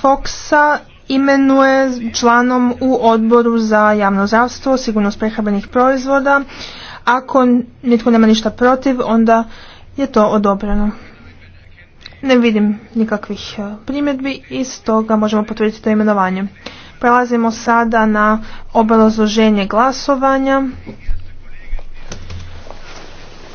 Foxa imenuje članom u odboru za javno zdravstvo, sigurnost prehrambenih proizvoda. Ako nitko nema ništa protiv, onda je to odobreno. Ne vidim nikakvih e, primjedbi i stoga možemo potvrditi to imenovanje. Prelazimo sada na obrazloženje glasovanja.